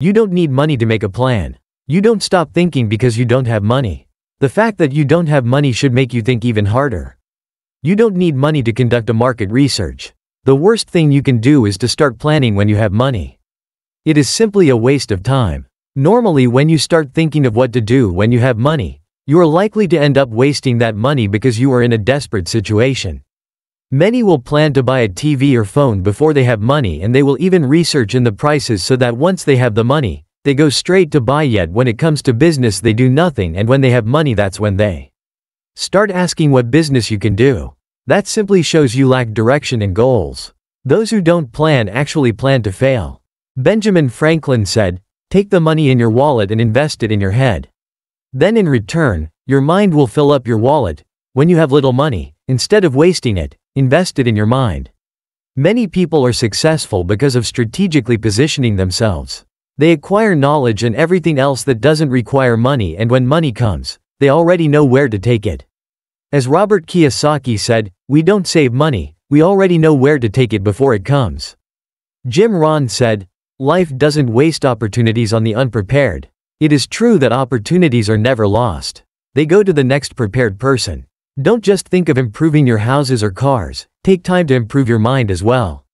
You don't need money to make a plan. You don't stop thinking because you don't have money. The fact that you don't have money should make you think even harder. You don't need money to conduct a market research. The worst thing you can do is to start planning when you have money. It is simply a waste of time. Normally when you start thinking of what to do when you have money, you are likely to end up wasting that money because you are in a desperate situation. Many will plan to buy a TV or phone before they have money and they will even research in the prices so that once they have the money, they go straight to buy yet when it comes to business they do nothing and when they have money that's when they start asking what business you can do. That simply shows you lack direction and goals. Those who don't plan actually plan to fail. Benjamin Franklin said, take the money in your wallet and invest it in your head. Then in return, your mind will fill up your wallet, when you have little money, instead of wasting it, invested in your mind. Many people are successful because of strategically positioning themselves. They acquire knowledge and everything else that doesn't require money and when money comes, they already know where to take it. As Robert Kiyosaki said, we don't save money, we already know where to take it before it comes. Jim Ron said, life doesn't waste opportunities on the unprepared. It is true that opportunities are never lost. They go to the next prepared person. Don't just think of improving your houses or cars, take time to improve your mind as well.